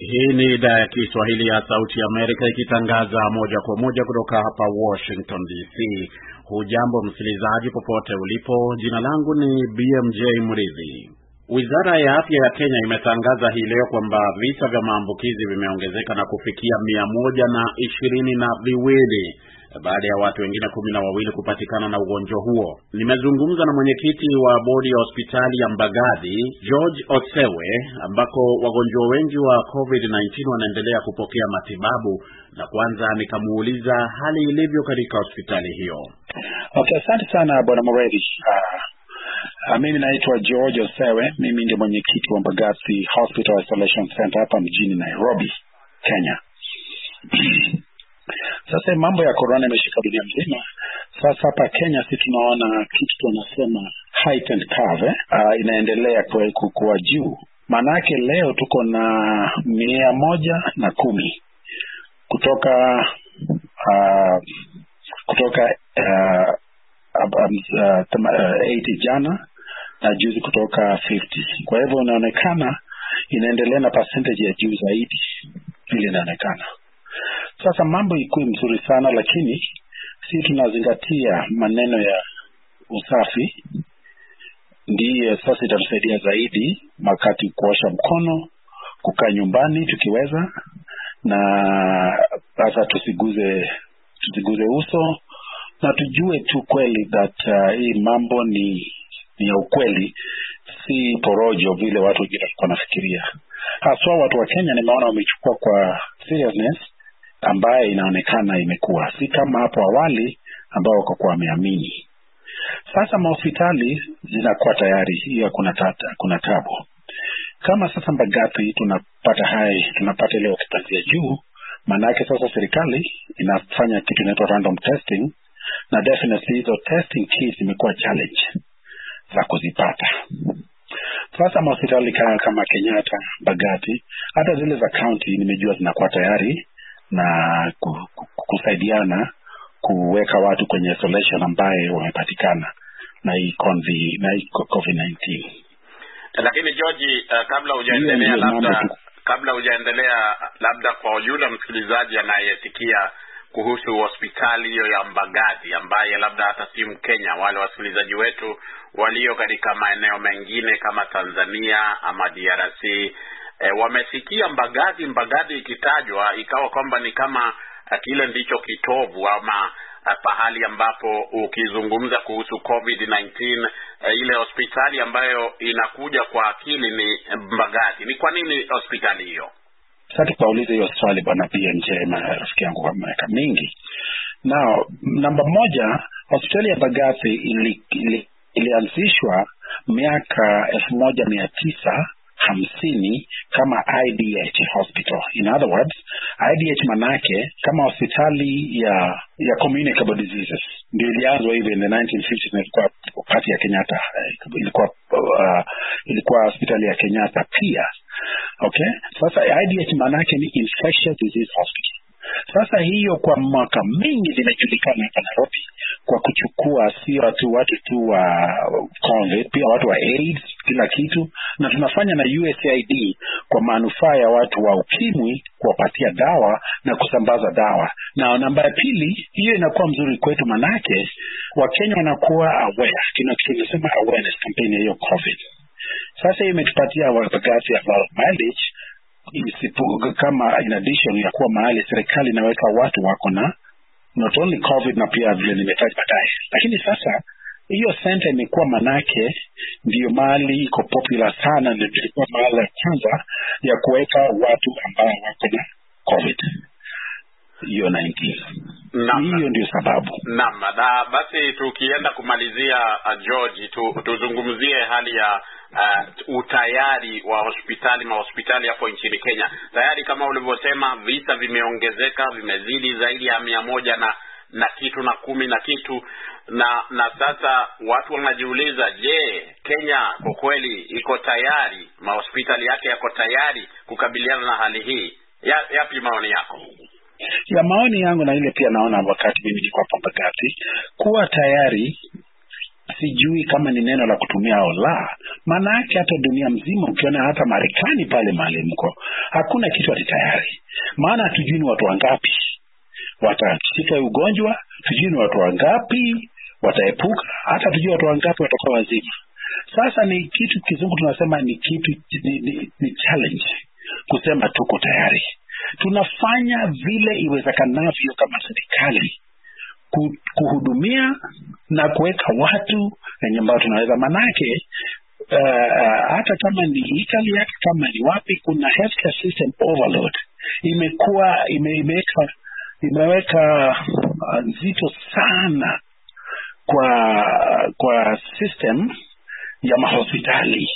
Hii ni idhaa ya Kiswahili ya Sauti Amerika ikitangaza moja kwa moja kutoka hapa Washington DC. Hujambo msikilizaji, popote ulipo. Jina langu ni BMJ Mridhi. Wizara ya Afya ya Kenya imetangaza hii leo kwamba visa vya maambukizi vimeongezeka na kufikia mia moja na ishirini na viwili baada ya watu wengine kumi na wawili kupatikana na ugonjwa huo. Nimezungumza na mwenyekiti wa bodi ya hospitali ya mbagadhi George Osewe, ambako wagonjwa wengi wa COVID-19 wanaendelea kupokea matibabu, na kwanza nikamuuliza hali ilivyo katika hospitali hiyo. Okay, asante sana bwana moredi Uh, mimi naitwa George Osewe, mimi ndio mwenyekiti wa Mbagathi Hospital Isolation Center hapa mjini Nairobi, Kenya. Sasa mambo ya korona imeshika dunia mzima. Sasa hapa Kenya si tunaona kitu tunasema heightened curve eh, inaendelea kuwa juu. Maanake leo tuko na mia moja na kumi kutoka uh, kutoka uh, uh, uh, 80 jana na juzi kutoka 50. Kwa hivyo inaonekana inaendelea na percentage ya juu zaidi vile inaonekana. Sasa mambo ikuwe mzuri sana, lakini si tunazingatia maneno ya usafi, ndiye sasa itatusaidia zaidi, wakati kuosha mkono, kukaa nyumbani tukiweza, na sasa tusiguze tusiguze uso na tujue tu kweli that uh, hii mambo ni ni ya ukweli, si porojo vile watu wengine walikuwa wanafikiria. Haswa watu wa Kenya nimeona wamechukua kwa seriousness ambaye inaonekana imekuwa, si kama hapo awali ambao wakakuwa wameamini. Sasa mahospitali zinakuwa tayari, hiyo kuna tata, kuna tabu. Kama sasa Mbagathi tunapata hai, tunapata ile occupancy ya juu, maanaake sasa serikali inafanya kitu inaitwa random testing, na definitely hizo testing kits imekuwa challenge za kuzipata. Sasa mahospitali kama Kenyatta, bagati hata zile za kaunti nimejua zinakuwa tayari na kusaidiana kuweka watu kwenye isolation ambaye wamepatikana na hii na hii COVID-19. Lakini George, uh, kabla hujaendelea labda kabla hujaendelea labda, kwa yule msikilizaji anayesikia kuhusu hospitali hiyo ya mbagazi ambaye labda hata si Mkenya, wale wasikilizaji wetu walio katika maeneo mengine kama Tanzania ama DRC e, wamesikia Mbagadi, Mbagadi ikitajwa ikawa kwamba ni kama eh, kile ndicho kitovu ama eh, pahali ambapo ukizungumza kuhusu COVID-19 e, ile hospitali ambayo inakuja kwa akili ni Mbagadi. Ni kwa nini hospitali hiyo? Sasa tukaulize hiyo swali bwana na rafiki yangu kwa miaka mingi na namba moja, hospitali ya Mbagathi ilianzishwa ili, ili miaka elfu moja mia tisa hamsini kama IDH hospital. In other words, IDH manake kama hospitali ya ya communicable diseases ndio ilianzwa hivi in the 1950s na ilikuwa kati ya Kenyatta, eh, ilikuwa uh, ilikuwa hospitali ya Kenyatta pia. Okay, sasa IDH manake ni infectious disease hospital sasa hiyo kwa mwaka mingi zimejulikana hapa Nairobi kwa kuchukua sio tu watu tu wa COVID, pia watu wa AIDS, kila kitu, na tunafanya na USAID kwa manufaa ya watu wa ukimwi, kuwapatia dawa na kusambaza dawa. Na namba ya pili, hiyo inakuwa mzuri kwetu, manake Wakenya wanakuwa aware, tunasema awareness campaign ya hiyo COVID. Sasa hiyo imetupatia wapagazi ya mileage kama in addition ya kuwa mahali serikali inaweka watu wako na not only covid na pia vile nimetaja baadaye lakini sasa hiyo senta imekuwa manake ndio mahali iko popular sana na ilikuwa mahali ya kwanza ya kuweka watu ambao wako na covid hiyo hiyo ndio sababu naam na basi tukienda kumalizia uh, george tu, tuzungumzie hali ya uh, utayari wa hospitali mahospitali hapo nchini Kenya. Tayari kama ulivyosema, visa vimeongezeka, vimezidi zaidi ya mia moja na na kitu na kumi na kitu na na sasa watu wanajiuliza, je, Kenya kwa kweli iko tayari? Mahospitali yake yako tayari kukabiliana na hali hii? Yapi ya maoni yako? ya maoni yangu na ile pia naona wakati mimi nilikuwa Pambagati kuwa tayari sijui kama ni neno la kutumia au la. Maana yake hata dunia mzima, ukiona hata Marekani pale mahali mko, hakuna kitu ati tayari, maana hatujui ni watu wangapi watashika ugonjwa, tujui ni watu wangapi wataepuka, hata tujui watu wangapi watakuwa wazima. Sasa ni kitu kizungu tunasema ni kitu ni, ni, ni challenge kusema tuko tayari. Tunafanya vile iwezekanavyo kama serikali kuhudumia na kuweka watu wenye ambao tunaweza manake uh, hata kama ni Italy hata kama ni wapi, kuna healthcare system overload imekuwa ime, imeweka imeweka uh, nzito sana kwa kwa system ya mahospitali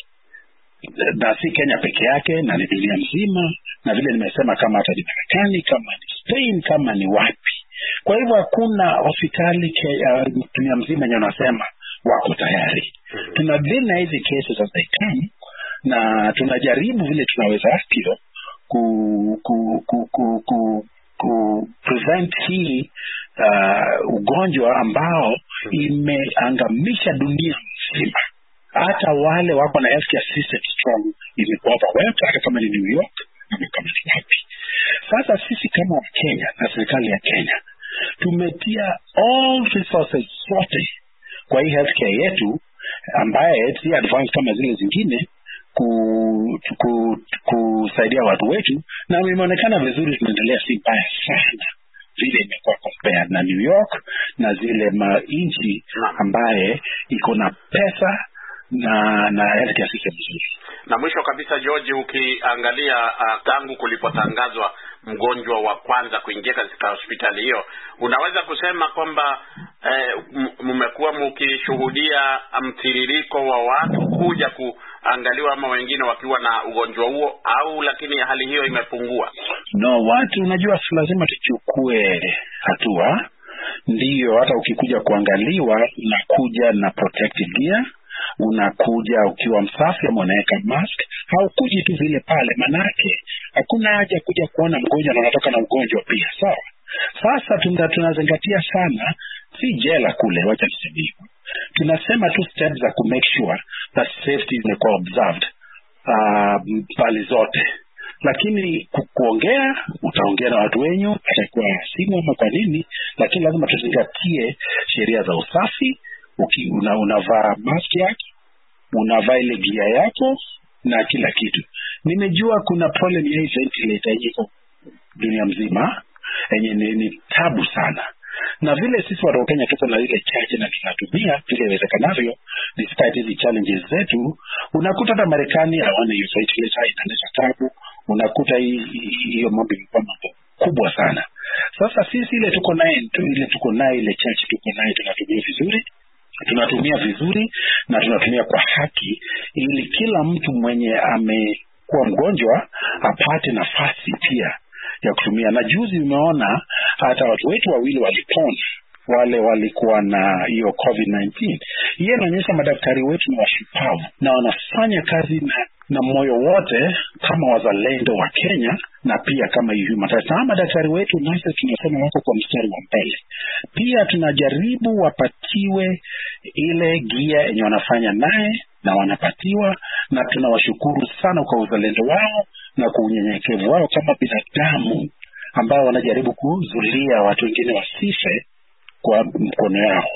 na si Kenya peke yake, na ni dunia mzima, na vile nimesema, kama hata ni Marekani, kama ni Spain, kama ni wapi kwa hivyo hakuna hospitali dunia uh, mzima enye unasema wako tayari. Mm-hmm. Tuna hizi kesi za zaitani na tunajaribu vile tunawezavyo ku, ku, ku, ku, ku, ku prevent hii uh, ugonjwa ambao mm-hmm. imeangamisha dunia mzima hata wale wako na system strong imekuwa kama ni New York na kama wapi. Sasa sisi kama Wakenya na serikali ya Kenya tumetia all resources zote kwa hii healthcare yetu ambaye si advanced kama zile zingine kusaidia ku, ku, watu wetu na imeonekana vizuri tunaendelea si mbaya sana vile imekuwa kompea na New York na zile manchi ambaye iko na pesa na na yale vizuri. Na mwisho kabisa, George, ukiangalia uh, tangu kulipotangazwa mgonjwa wa kwanza kuingia katika hospitali hiyo, unaweza kusema kwamba eh, mmekuwa mkishuhudia mtiririko wa watu kuja kuangaliwa ama wengine wakiwa na ugonjwa huo, au lakini hali hiyo imepungua? No, watu unajua, lazima tuchukue hatua. Ndiyo, hata ukikuja kuangaliwa unakuja na protective gear unakuja ukiwa msafi ama unaweka mask, haukuji tu vile pale, manake hakuna haja kuja kuona mgonjwa na unatoka na ugonjwa pia, sawa. Sasa tunda, tunazingatia sana, si jela kule, wacha niseme tunasema tu steps za ku make sure that safety zimekuwa observed uh, pale zote lakini kuongea, utaongea na watu wenyu, atakuwa simu ama kwa nini, lakini lazima tuzingatie sheria za usafi una, unavaa mask yake unavaa ile gia yake na kila kitu. Nimejua kuna problem ya hii ventilator yenye iko dunia mzima yenye ni, ni tabu sana, na vile sisi watu wa Kenya tuko na ile chache na tunatumia vile iwezekanavyo, despite hizi challenges zetu. Unakuta hata Marekani hawana hiyo ventilator, inaleta tabu. Unakuta hiyo mambo imekuwa mambo kubwa sana. Sasa sisi ile tuko naye ile tuko naye ile chache tuko naye tunatumia vizuri tunatumia vizuri na tunatumia kwa haki, ili kila mtu mwenye amekuwa mgonjwa apate nafasi pia ya kutumia. Na juzi umeona hata watu wetu wawili walipona, wale walikuwa na hiyo COVID-19. Hiyo inaonyesha madaktari wetu ni washupavu na wanafanya kazi na na moyo wote kama wazalendo wa Kenya na pia kama kama madaktari wetu, nasi tunasema wako kwa mstari wa mbele. Pia tunajaribu wapatiwe ile gia yenye wanafanya naye na wanapatiwa, na tunawashukuru sana kwa uzalendo wao na kwa unyenyekevu wao kama binadamu ambao wanajaribu kuzulia watu wengine wasife kwa mkono yao.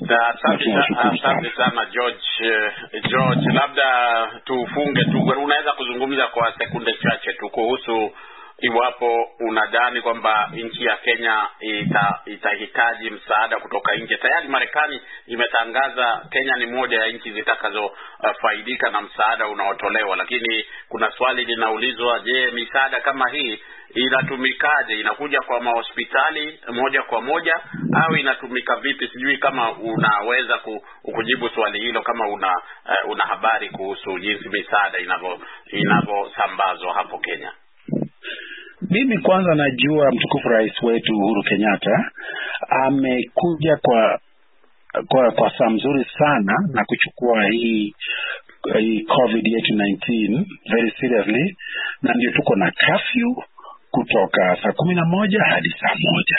Asante asante sana George. Eh, George, labda tufunge tu, unaweza kuzungumza kwa sekunde chache tu kuhusu iwapo unadhani kwamba nchi ya Kenya ita, itahitaji msaada kutoka nje. Tayari Marekani imetangaza Kenya ni moja ya nchi zitakazofaidika uh, na msaada unaotolewa, lakini kuna swali linaulizwa, je, misaada kama hii inatumikaje? Inakuja kwa mahospitali moja kwa moja au inatumika vipi? Sijui kama unaweza ku, kujibu swali hilo kama una uh, una habari kuhusu jinsi misaada inavyosambazwa hapo Kenya. Mimi kwanza najua mtukufu rais wetu Uhuru Kenyatta amekuja kwa kwa, kwa saa mzuri sana na kuchukua hii hii COVID yetu 19 very seriously, na ndio tuko na kafyu kutoka saa kumi na moja hadi saa moja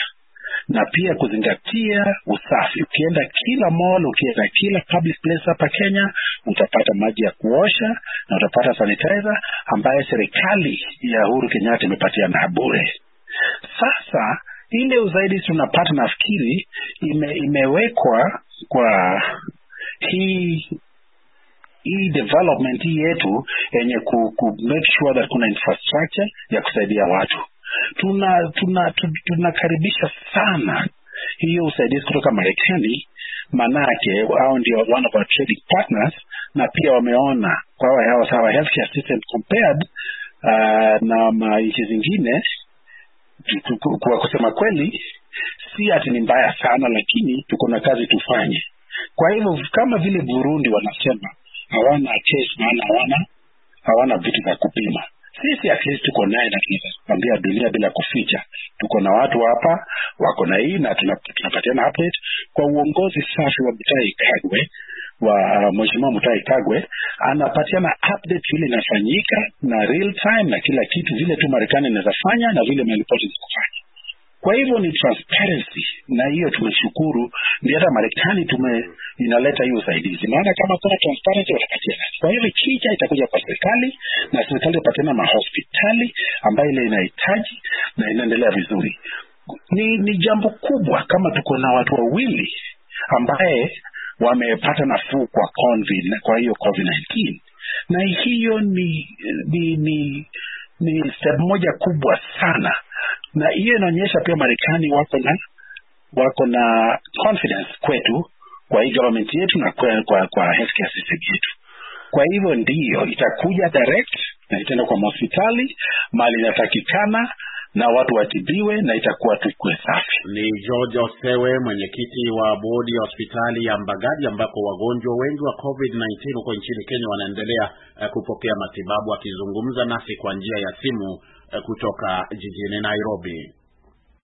na pia kuzingatia usafi. Ukienda kila mall, ukienda kila public place hapa Kenya utapata maji ya kuosha na utapata sanitizer ambayo serikali ya Uhuru Kenyatta imepatia na bure. Sasa ile uzaidi tunapata nafikiri ime, imewekwa kwa hii hii development hii yetu yenye ku, ku make sure that kuna infrastructure ya kusaidia watu tuna tunakaribisha tuna sana hiyo usaidizi kutoka Marekani, manake hao ndio one of our trading partners, na pia wameona kwao yao sawa healthcare system compared uh, na manchi zingine kwa kusema kweli si ati ni mbaya sana, lakini tuko na kazi tufanye. Kwa hivyo kama vile Burundi wanasema hawana maana hawana hawana vitu vya kupima sisi at tuko naye na tunaambia dunia bila kuficha, tuko na watu hapa wako na hii na tunapatiana update kwa uongozi safi wa Mutahi Kagwe wa uh, mweshimua Mutahi Kagwe anapatiana update vile inafanyika na real time na kila kitu, vile tu Marekani inaweza fanya na vile maripoti zikufanya kwa hivyo ni transparency, na hiyo tumeshukuru, ndio hata Marekani tume inaleta hiyo usaidizi, maana kama kuna transparency watapatia. Kwa hivyo chicha itakuja kwa serikali na serikali ipatiana mahospitali ambayo ile inahitaji na inaendelea vizuri. Ni, ni jambo kubwa kama tuko na watu wawili ambaye wamepata nafuu kwa COVID, kwa hiyo COVID-19 na hiyo ni, ni, ni, ni step moja kubwa sana na hiyo inaonyesha pia Marekani wako na wako na confidence kwetu kwa hii government yetu na kwa, kwa, kwa healthcare system yetu. Kwa hivyo ndiyo itakuja direct na itaenda kwa mahospitali mali inatakikana na watu watibiwe na itakuwa tukue safi. Ni George Osewe, mwenyekiti wa bodi ya hospitali ya Mbagadi ambako wagonjwa wengi wa COVID-19 huko nchini Kenya wanaendelea eh, kupokea matibabu, akizungumza nasi kwa njia ya simu kutoka jijini Nairobi.